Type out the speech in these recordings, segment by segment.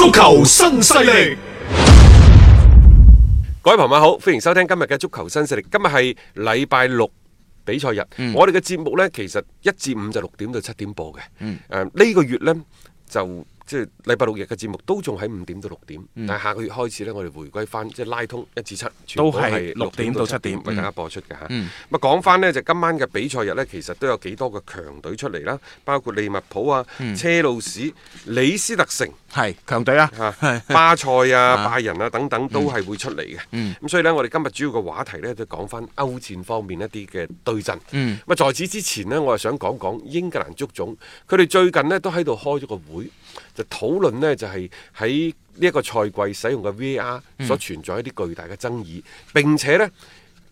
足球新勢力，各位朋友好，歡迎收聽今日嘅足球新勢力。今日係禮拜六比賽日，嗯、我哋嘅節目呢，其實一至五就六點到七點播嘅。誒、嗯呃、呢、呢個月呢，就即係禮拜六日嘅節目都仲喺五點到六點，嗯、但係下個月開始呢，我哋回歸翻即係拉通一至七，都係六點到七點為、嗯嗯、大家播出嘅吓。咁、嗯、啊、嗯，講翻呢就今晚嘅比賽日呢，其實都有幾多個強隊出嚟啦，包括利物浦啊、車路士、李斯特城。係強隊啊，吓巴塞啊、啊拜仁啊等等都係會出嚟嘅。咁、嗯嗯、所以呢，我哋今日主要嘅話題呢，就講翻歐戰方面一啲嘅對陣。咁啊、嗯，在此之前呢，我又想講講英格蘭足總，佢哋最近呢都喺度開咗個會，就討論呢就係喺呢一個賽季使用嘅 VAR 所存在一啲巨大嘅爭議，嗯、並且呢。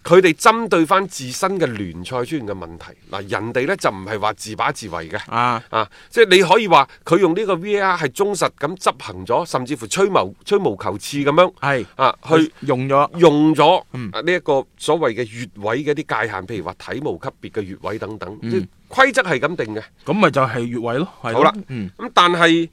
佢哋針對翻自身嘅聯賽出現嘅問題，嗱，人哋呢就唔係話自把自為嘅啊啊，即係你可以話佢用呢個 VAR 係忠實咁執行咗，甚至乎吹毛吹毛求疵咁樣，係是啊去用咗了用咗呢一個所謂嘅越位嘅啲界限，譬、嗯、如話體毛級別嘅越位等等，嗯、規則係咁定嘅，咁咪就係越位咯。好啦，咁、嗯嗯、但係。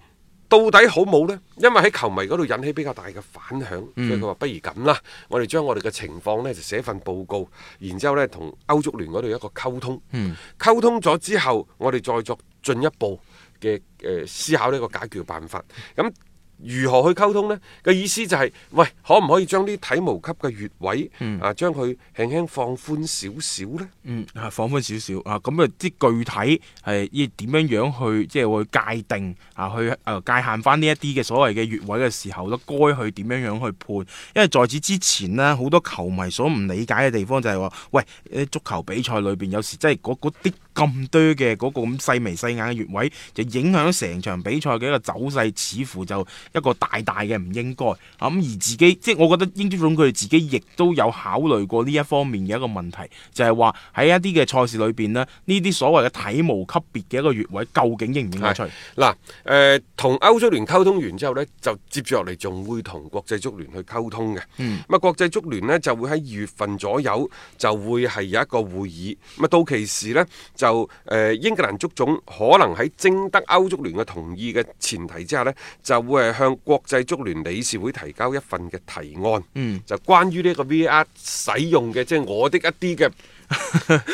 到底好冇呢？因為喺球迷嗰度引起比較大嘅反響，所以佢話不如咁啦，我哋將我哋嘅情況呢就寫份報告，然之後呢同歐足聯嗰度一個溝通，嗯、溝通咗之後，我哋再作進一步嘅誒、呃、思考呢個解決辦法。咁、嗯。嗯如何去溝通呢？嘅意思就係、係，喂，可唔可以將啲體毛級嘅越位、嗯、啊，將佢輕輕放寬少少呢？嗯，放寬少少啊，咁啊，啲具體係要點樣樣去即係去界定啊，去啊、呃、界限翻呢一啲嘅所謂嘅越位嘅時候，都該去點樣樣去判？因為在此之前呢，好多球迷所唔理解嘅地方就係、係、話，喂，啲足球比賽裏邊有時真係嗰啲咁多嘅嗰、嗰個咁細眉細眼嘅越位，就影響成場比賽嘅一個走勢，似乎就～一個大大嘅唔應該咁、嗯、而自己，即係我覺得英足總佢哋自己亦都有考慮過呢一方面嘅一個問題，就係話喺一啲嘅賽事裏邊呢，呢啲所謂嘅體毛級別嘅一個越位，究竟應唔應該出嚟嗱，誒同、呃、歐足聯溝通完之後呢，就接住落嚟仲會同國際足聯去溝通嘅。咁啊、嗯，國際足聯呢，就會喺二月份左右就會係有一個會議。咁啊，到其時呢，就誒、呃、英格蘭足總可能喺徵得歐足聯嘅同意嘅前提之下呢，就會向國際足聯理事會提交一份嘅提案，嗯、就關於呢個 VAR 使用嘅，即、就、係、是、我的一啲嘅。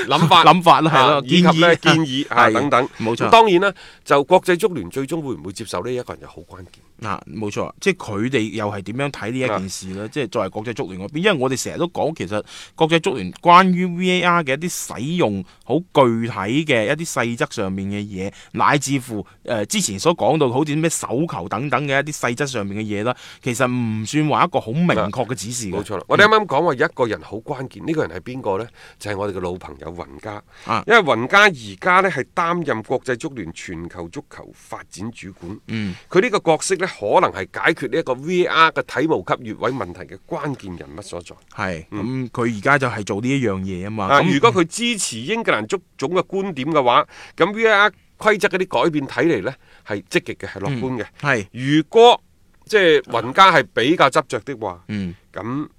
諗 法諗法啦吓，啊、以及咧建議啊等等，冇錯錯。當然啦，就國際足聯最終會唔會接受呢？一個人就好關鍵。嗱、啊，冇錯，即係佢哋又係點樣睇呢一件事呢？啊、即係作為國際足聯嗰邊，因為我哋成日都講，其實國際足聯關於 VAR 嘅一啲使用，好具體嘅一啲細則上面嘅嘢，乃至乎誒、呃、之前所講到，好似咩手球等等嘅一啲細則上面嘅嘢啦，其實唔算話一個好明確嘅指示嘅。冇錯、啊嗯、我哋啱啱講話一個人好關鍵，呢、這個人係邊個呢？就係、是、我。佢嘅老朋友雲加，因為雲加而家呢係擔任國際足聯全球足球發展主管，佢呢、嗯、個角色呢可能係解決呢一個 VAR 嘅體毛級越位問題嘅關鍵人物所在。係是，咁、嗯，佢而家就係做呢一樣嘢，啊嘛。咁、啊，嗯、如果佢支持英格蘭足總嘅觀點嘅話，咁 VAR 規則嗰啲改變睇嚟呢，係積極嘅，係樂觀嘅。係，如果即係雲加係比較執着的話，的的的嗯咁。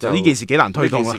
就呢件事幾難推動啊！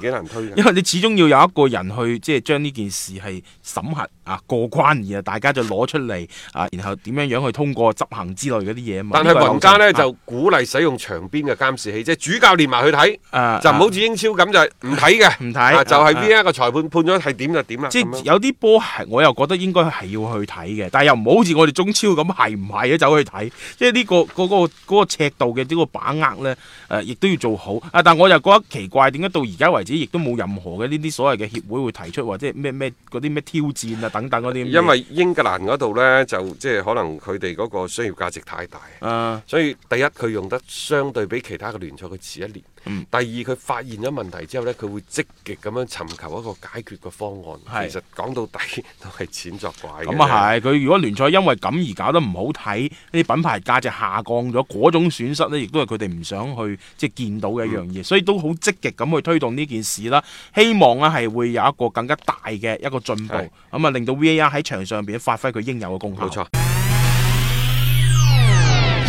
因為你始終要有一個人去即係將呢件事係審核啊過關而，然後大家就攞出嚟啊，然後點樣樣去通過執行之類嗰啲嘢。但係雲家咧就鼓勵使用場邊嘅監視器，即係主教練埋去睇，啊啊、就唔好似英超咁就唔睇嘅，唔睇、啊。啊、就係邊一個裁判判咗係點就點啊！即係是樣有啲波係我又覺得應該係要去睇嘅，但係又唔好似我哋中超咁係唔係走去睇？即係呢、這個嗰、那個那個那個尺度嘅呢個把握咧，誒、啊、亦都要做好。啊，但我又覺得。奇怪，點解到而家為止，亦都冇任何嘅呢啲所謂嘅協會會提出，或者咩咩嗰啲咩挑戰啊等等嗰啲？因為英格蘭嗰度呢，就即係可能佢哋嗰個商業價值太大，uh, 所以第一，佢用得相對比其他嘅聯賽，佢遲一年。第二，佢發現咗問題之後呢，佢會積極咁樣尋求一個解決嘅方案。係。其實講到底都係錢作怪嘅。咁啊，係，佢如果聯賽因為咁而搞得唔好睇，呢啲品牌價值下降咗，嗰種損失呢亦都係佢哋唔想去即係見到嘅一樣嘢。嗯、所以都好積極咁去推動呢件事啦，希望咧係會有一個更加大嘅一個進步，咁啊令到 VAR 喺場上邊發揮佢應有嘅功效。冇錯。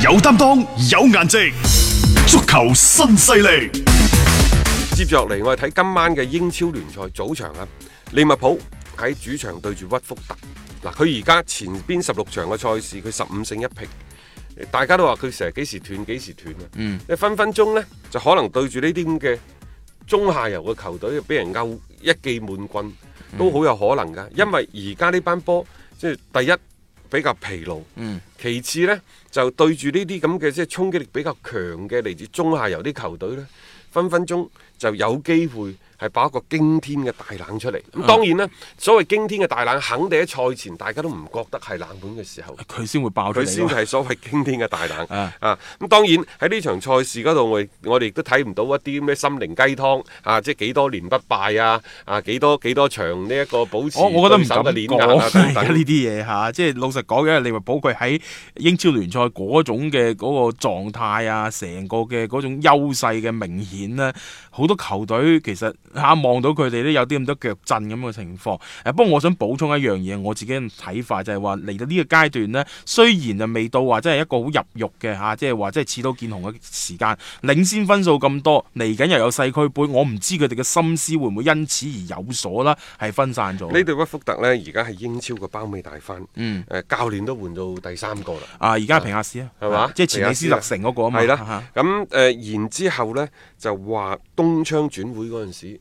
有擔當，有顏值。足球新勢力，接着嚟，我哋睇今晚嘅英超聯賽早場啊！利物浦喺主場對住屈福特，嗱，佢而家前邊十六場嘅賽事佢十五勝一平，大家都話佢成日幾時斷幾時斷啊！嗯，你分分鐘呢就可能對住呢啲咁嘅中下游嘅球隊，俾人勾一記悶棍都好有可能噶，因為而家呢班波即係第一。比較疲勞，嗯，其次呢，就對住呢啲咁嘅即係衝擊力比較強嘅嚟自中下游啲球隊呢，分分鐘就有機會。係爆一個驚天嘅大冷出嚟，咁當然啦，嗯、所謂驚天嘅大冷，肯定喺賽前大家都唔覺得係冷門嘅時候，佢先會爆出嚟。佢先係所謂驚天嘅大冷，嗯、啊！咁當然喺呢場賽事嗰度，我我哋亦都睇唔到一啲咩心靈雞湯啊，即係幾多年不敗啊，啊幾多幾多場呢一個保持，啊、我守得連壓啊等等呢啲嘢嚇。即係老實講，嘅，你利物浦佢喺英超聯賽嗰種嘅嗰個狀態啊，成個嘅嗰種優勢嘅明顯咧，好多球隊其實。嚇望到佢哋都有啲咁多腳震咁嘅情況，誒不過我想補充一樣嘢，我自己嘅睇法就係話嚟到呢個階段呢，雖然就未到話真係一個好入肉嘅嚇，即係話即係刺刀見紅嘅時間，領先分數咁多，嚟緊又有世俱杯，我唔知佢哋嘅心思會唔會因此而有所啦，係分散咗。呢隊屈福特呢，而家係英超嘅包尾大幡，嗯教練都換到第三個啦，啊而家皮亞斯啊，係嘛？即係前李斯特城嗰個啊嘛，係、嗯、啦，咁誒然之後，後呢，就話冬窗轉會嗰陣時。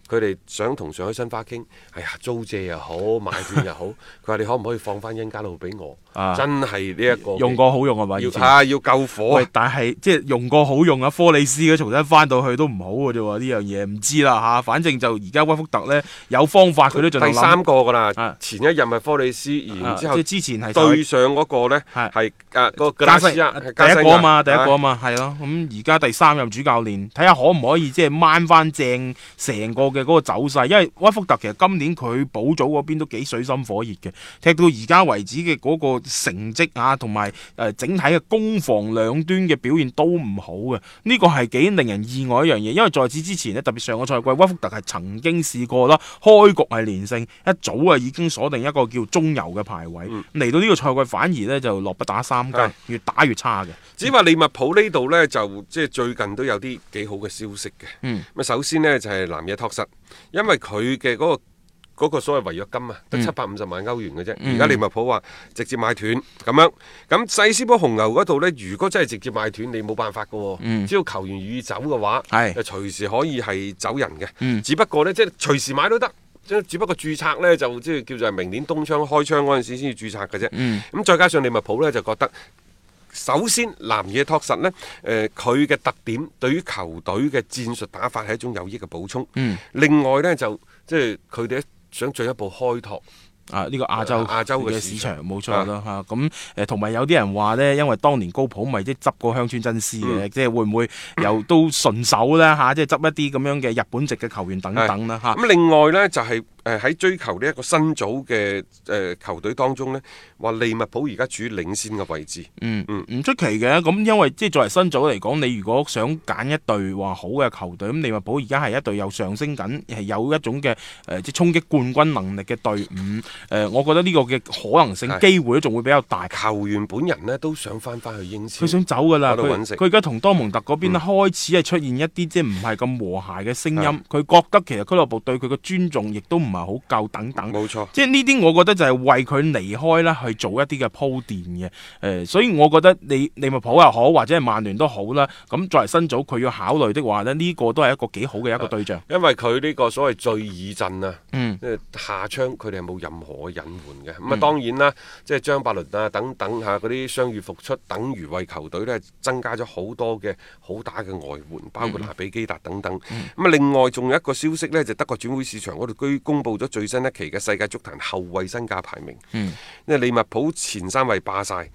佢哋想同上海申花傾，哎呀租借又好買斷又好。佢話你可唔可以放翻恩加路俾我？真係呢一個用過好用嘅話，嚇要救火。喂，但係即係用過好用啊，科里斯嘅重新翻到去都唔好嘅啫喎。呢樣嘢唔知啦嚇。反正就而家威福特咧有方法，佢都進第三個㗎啦，前一任咪科里斯，然之後即係之前係對上嗰個咧係誒個加西啊，係第一個啊嘛，第一個啊嘛係咯。咁而家第三任主教練，睇下可唔可以即係掹翻正成個嘅。嗰個走勢，因為屈福特其實今年佢保組嗰邊都幾水深火熱嘅，踢到而家為止嘅嗰個成績啊，同埋誒整體嘅攻防兩端嘅表現都唔好嘅。呢、這個係幾令人意外一樣嘢，因為在此之前咧，特別上個賽季屈福特係曾經試過啦，開局係連勝，一早啊已經鎖定一個叫中游嘅排位。嚟、嗯、到呢個賽季反而呢就落不打三更，唉越打越差嘅。只話利物浦呢度呢，就即係最近都有啲幾好嘅消息嘅。咁、嗯、首先呢，就係、是、南野拓實。因為佢嘅嗰個、嗰個所謂違約金啊，得七百五十萬歐元嘅啫。而家、嗯、利物浦話直接買斷咁樣，咁細斯波紅牛嗰度呢，如果真係直接買斷，你冇辦法噶、哦。嗯，只要球員願意走嘅話，係是，就隨時可以係走人嘅。嗯、只不過呢，即係隨時買都得，即只不過注冊呢，就即係叫做明年冬窗開窗嗰陣時先要注冊嘅啫。咁、嗯、再加上利物浦呢，就覺得。首先，南野拓實呢，誒佢嘅特點對於球隊嘅戰術打法係一種有益嘅補充。嗯，另外呢，就即係佢哋想進一步開拓啊呢個亞洲亞洲嘅市場，冇錯啦嚇。咁誒同埋有啲人話呢，因為當年高普咪即係執過香川真司嘅，即係、嗯、會唔會又都順手咧嚇？即係執一啲咁樣嘅日本籍嘅球員等等啦嚇。咁另外呢，就係、是。誒，喺追求呢一個新組嘅誒球隊當中呢，話利物浦而家處於領先嘅位置。嗯嗯，唔出奇嘅。咁因為即係作為新組嚟講，你如果想揀一隊話好嘅球隊，咁利物浦而家係一隊又上升緊，係有一種嘅誒、呃、即衝擊冠軍能力嘅隊伍。誒、呃，我覺得呢個嘅可能性、機會仲會比較大。球員本人呢都想翻翻去英超。佢想走噶啦，佢而家同多蒙特嗰邊開始係出現一啲即係唔係咁和諧嘅聲音。佢的覺得其實俱樂部對佢嘅尊重亦都唔。唔係好夠等等，冇錯，即係呢啲，我覺得就係為佢離開啦，去做一啲嘅鋪墊嘅。誒、呃，所以我覺得你你利物浦又好，或者係曼聯都好啦。咁作為新組，佢要考慮的話咧，呢、呢個都係一個幾好嘅一個對象，因為佢呢個所謂最二陣啊，嗯，下窗佢哋係冇任何嘅隱患嘅。咁啊、嗯，當然啦，即係張伯倫啊，等等嚇嗰啲傷愈復出，等於為球隊呢增加咗好多嘅好打嘅外援，包括拿比基達等等。咁啊、嗯，嗯、另外仲有一個消息呢，就是、德國轉會市場嗰度鞠報咗最新一期嘅世界足壇後衛身價排名，嗯，因為利物浦前三位霸晒，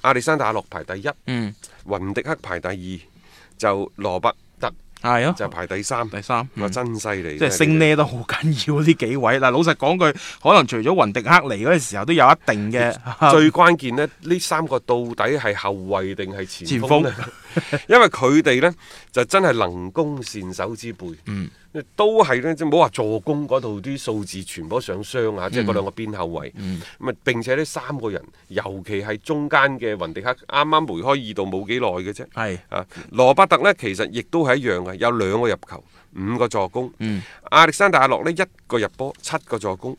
阿利山大阿洛排第一，嗯，雲迪克排第二，就羅伯特係咯，哎、呀就排第三，第三，嗯、真犀利，即係升呢都好緊要呢幾位。嗱，老實講句，可能除咗雲迪克嚟嗰陣時候都有一定嘅，最關鍵呢，呢 三個到底係後衛定係前鋒？前鋒 因為佢哋呢，就真係能攻善守之輩，嗯，都係呢，即係唔好話助攻嗰度啲數字全部上雙啊，即係嗰兩個邊後衛，嗯，咁啊，嗯、並且呢三個人，尤其係中間嘅雲迪克，啱啱梅開二度冇幾耐嘅啫，係是啊，羅伯特呢，其實亦都係一樣嘅，有兩個入球，五個助攻，嗯，亞歷山大阿諾呢一個入波，七個助攻。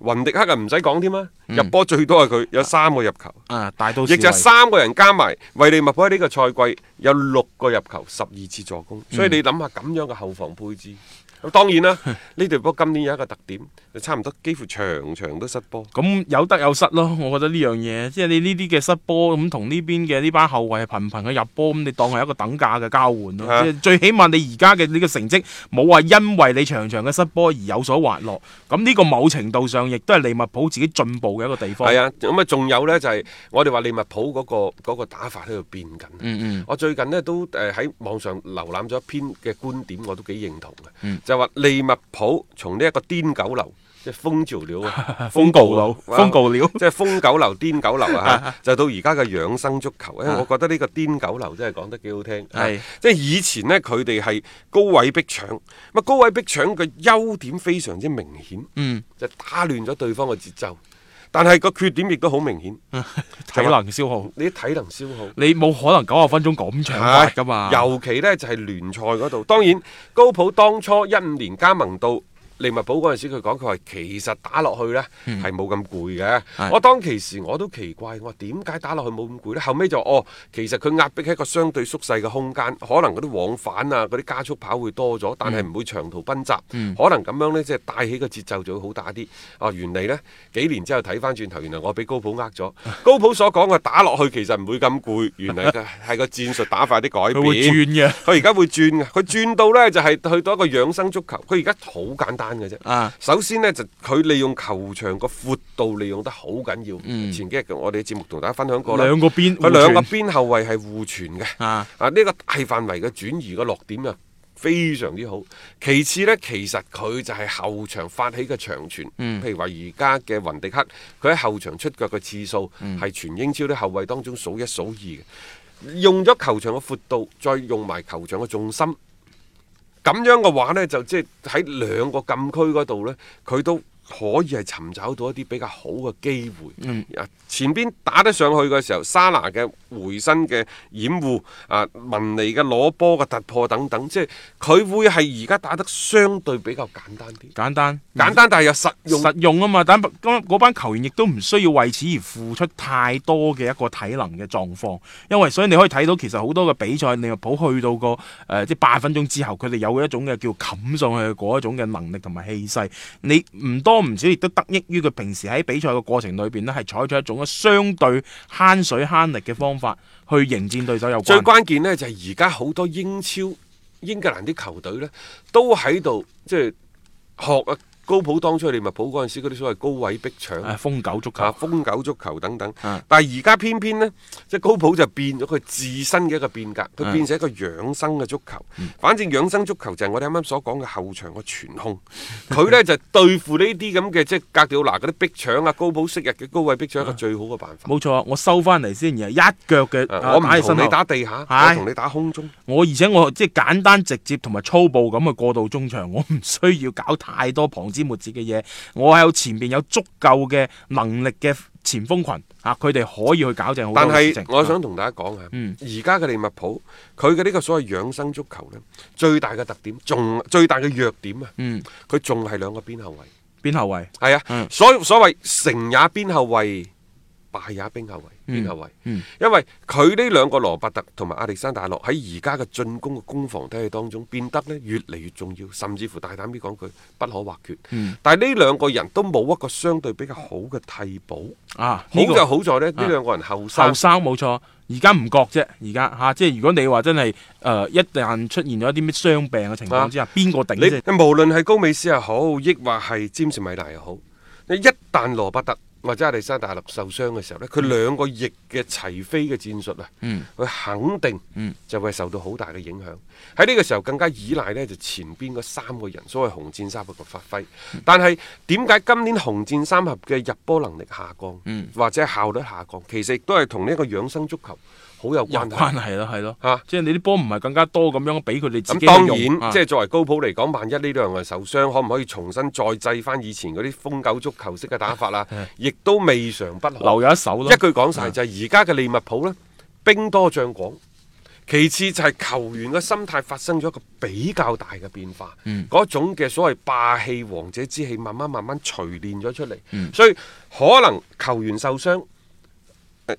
雲迪克啊，唔使講添啊，入波最多係佢，有三個入球亦、啊、就係三個人加埋，為利物浦喺呢個賽季有六個入球，十二次助攻，嗯、所以你諗下咁樣嘅後防配置。當然啦，呢隊波今年有一個特點，差唔多幾乎場場都失波。咁、嗯、有得有失咯，我覺得呢樣嘢，即係你呢啲嘅失波咁、嗯，同呢邊嘅呢班後衞係頻頻嘅入波，咁、嗯、你當係一個等價嘅交換咯。最、啊、最起碼你而家嘅呢個成績冇話因為你場場嘅失波而有所滑落。咁呢個某程度上亦都係利物浦自己進步嘅一個地方。係啊，咁啊仲有呢，就係、是、我哋話利物浦嗰、嗰個嗰個打法喺度變緊。嗯嗯，我最近呢，都誒喺網上瀏覽咗一篇嘅觀點，我都幾認同嘅。嗯嗯。利物浦從呢一個癲狗流，即係瘋狗流，瘋狗流，瘋狗流，哇即係瘋狗流、癲狗流啊！ 就到而家嘅養生足球咧， 我覺得呢個癲狗流真係講得幾好聽。係的、啊，即係以前呢，佢哋係高位逼搶，咁高位逼搶嘅優點非常之明顯，嗯，就打亂咗對方嘅節奏。但係個缺點亦都好明顯， 體能消耗，就係、你啲體能消耗，你冇可能九十分鐘咁長噶嘛。尤其呢，就係聯賽嗰度，當然高普當初一五年加盟到。利物浦嗰陣時，佢講：佢話其實打落去咧係冇咁攰嘅。我當其時我都奇怪，我話點解打落去冇咁攰咧？後尾就哦，其實佢壓迫喺一個相對縮細嘅空間，可能嗰啲往返啊、嗰啲加速跑會多咗，但係唔會長途奔襲。可能咁樣咧，即係帶起個節奏就會好打啲。哦，原來咧幾年之後睇返轉頭，原來我俾高普呃咗。高普所講嘅打落去其實唔會咁攰，原來嘅係個戰術打快啲改變。佢會轉嘅，佢而家會轉嘅，佢轉到咧就係去到一個養生足球。佢而家好簡單。啊、首先呢，就佢利用球場個闊度利用得好緊要。嗯、前幾日我哋嘅節目同大家分享過啦。兩個邊，佢兩個邊後衛係互傳嘅。啊、呢、啊這個大範圍嘅轉移嘅落點啊，非常之好。其次呢，其實佢就係後場發起嘅長傳。譬、嗯、如話而家嘅雲迪克，佢喺後場出腳嘅次數係全英超啲後衛當中數一數二嘅。用咗球場嘅闊度，再用埋球場嘅重心。咁樣嘅話咧，就即係喺兩個禁區嗰度咧，佢都，可以係尋找到一啲比較好嘅機會。嗯，前邊打得上去嘅時候，沙拿嘅回身嘅掩護啊、呃、文尼嘅攞波嘅突破等等，即係佢會係而家打得相對比較簡單啲。簡單簡單，簡單嗯、但係又實用實用啊嘛！但係班球員亦都唔需要為此而付出太多嘅一個體能嘅狀況，因為所以你可以睇到其實好多嘅比賽利物浦去到個誒、呃、即八分鐘之後，佢哋有一種嘅叫冚上去嗰一種嘅能力同埋氣勢，你唔多。多唔少亦都得益於佢平時喺比賽嘅過程裏邊咧，係採取一種相對慳水慳力嘅方法去迎戰對手有關。最關鍵咧就係而家好多英超英格蘭啲球隊咧，都喺度即係學啊！高普當初利物浦嗰陣時，嗰啲所謂高位逼搶、瘋狗足球、瘋狗足球等等。但係而家偏偏呢，即係高普就變咗佢自身嘅一個變革，佢變成一個養生嘅足球。反正養生足球就係我哋啱啱所講嘅後場嘅全控，佢呢就對付呢啲咁嘅即係哥迪奧拿嗰啲逼搶啊、高普昔日嘅高位逼搶係一個最好嘅辦法。冇錯，我收翻嚟先，然後一腳嘅，我唔同你打地下，我同你打空中。我而且我即係簡單直接同埋粗暴咁去過到中場，我唔需要搞太多旁。知末節嘅嘢，我喺前邊有足夠嘅能力嘅前鋒群，吓佢哋可以去搞正好多事情。但係我想同大家講下嗯，而家嘅利物浦，佢嘅呢個所謂養生足球咧，最大嘅特點，仲最大嘅弱點、嗯、啊，嗯，佢仲係兩個邊後衛，邊後衛係啊，所所謂成也邊後衛。係啊，邊後衛，邊後衛，嗯、因為佢呢兩個羅伯特同埋阿歷山大洛喺而家嘅進攻嘅攻防體系當中，變得咧越嚟越重要，甚至乎大膽啲講句，不可或缺。嗯、但係呢兩個人都冇一個相對比較好嘅替補。啊這個，好就好在咧，呢兩個人後生、啊、後生冇錯。而家唔覺啫，而家吓，即係如果你話真係誒、呃，一旦出現咗啲咩傷病嘅情況之下，邊個頂？你無論係高美斯又好，亦或係詹士米大又好，一旦羅伯特。或者阿里山大陸受傷嘅時候呢，佢兩個翼嘅齊飛嘅戰術啊，佢、嗯、肯定就會受到好大嘅影響。喺呢、嗯、個時候更加依賴呢就前邊嗰三個人所謂紅箭三合嘅發揮。嗯、但係點解今年紅箭三合嘅入波能力下降，嗯、或者效率下降，其實都係同呢一個養生足球。好有關係咯、啊，係咯，啊、即係你啲波唔係更加多咁樣俾佢哋自己嘅用、啊。咁當然，即係作為高普嚟講，萬一呢兩個人受傷，可唔可以重新再製翻以前嗰啲瘋狗足球式嘅打法啊？亦 的都未嘗不可，留有一手咯。一句講晒的就係而家嘅利物浦呢，兵多將廣。其次就係球員嘅心態發生咗一個比較大嘅變化，嗰、嗯、種嘅所謂霸氣王者之氣慢慢慢慢錘煉咗出嚟，嗯、所以可能球員受傷。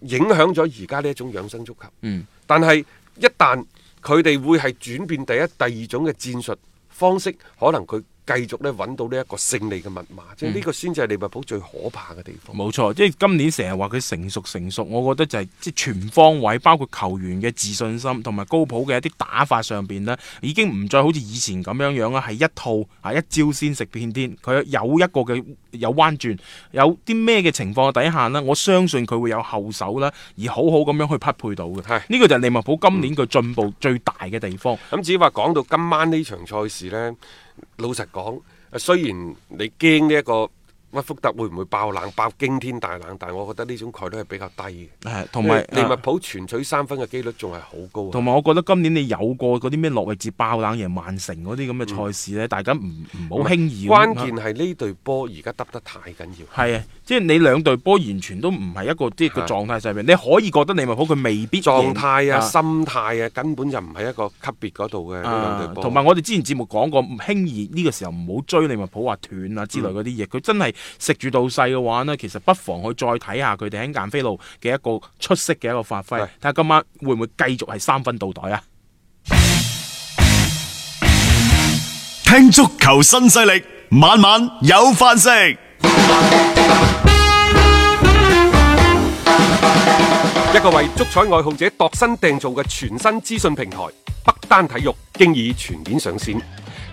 影響咗而家呢一種養生足球，嗯，但係一旦佢哋會係轉變第一、第二種嘅戰術方式，可能佢。繼續揾到呢一個勝利嘅密碼，即係呢個先至係利物浦最可怕嘅地方。冇、嗯、錯，即係今年成日話佢成熟成熟，我覺得就係、是、即係全方位，包括球員嘅自信心同埋高普嘅一啲打法上邊呢已經唔再好似以前咁樣樣啦，係一套啊一招先食遍天。佢有一個嘅有彎轉，有啲咩嘅情況底下呢我相信佢會有後手啦，而好好咁樣去匹配到嘅。呢唉 個就係利物浦今年佢、嗯嗯、進步最大嘅地方。咁至於話講到今晚呢場賽事呢。老實講，雖然你驚呢一個。乜福特會唔會爆冷爆驚天大冷？但係我覺得呢種概率係比較低嘅。同埋利物浦全取三分嘅機率仲係好高。同埋我覺得今年你有過嗰啲咩落維治爆冷贏曼城嗰啲咁嘅賽事呢，大家唔唔好輕易。關鍵係呢隊波而家得得太緊要。係啊，即係你兩隊波完全都唔係一個即係個狀態上面，你可以覺得利物浦佢未必狀態啊、心態啊，根本就唔係一個級別嗰度嘅同埋我哋之前節目講過，唔輕易呢個時候唔好追利物浦話斷啊之類嗰啲嘢，佢真係。食住到細嘅話咧，其實不妨去再睇下佢哋喺晏飛路嘅一個出色嘅一個發揮，睇下是今晚會唔會繼續係三分到袋啊！聽足球新勢力，晚晚有飯食。一個為足彩愛好者度身訂造嘅全新資訊平台——北單體育，經已全面上線。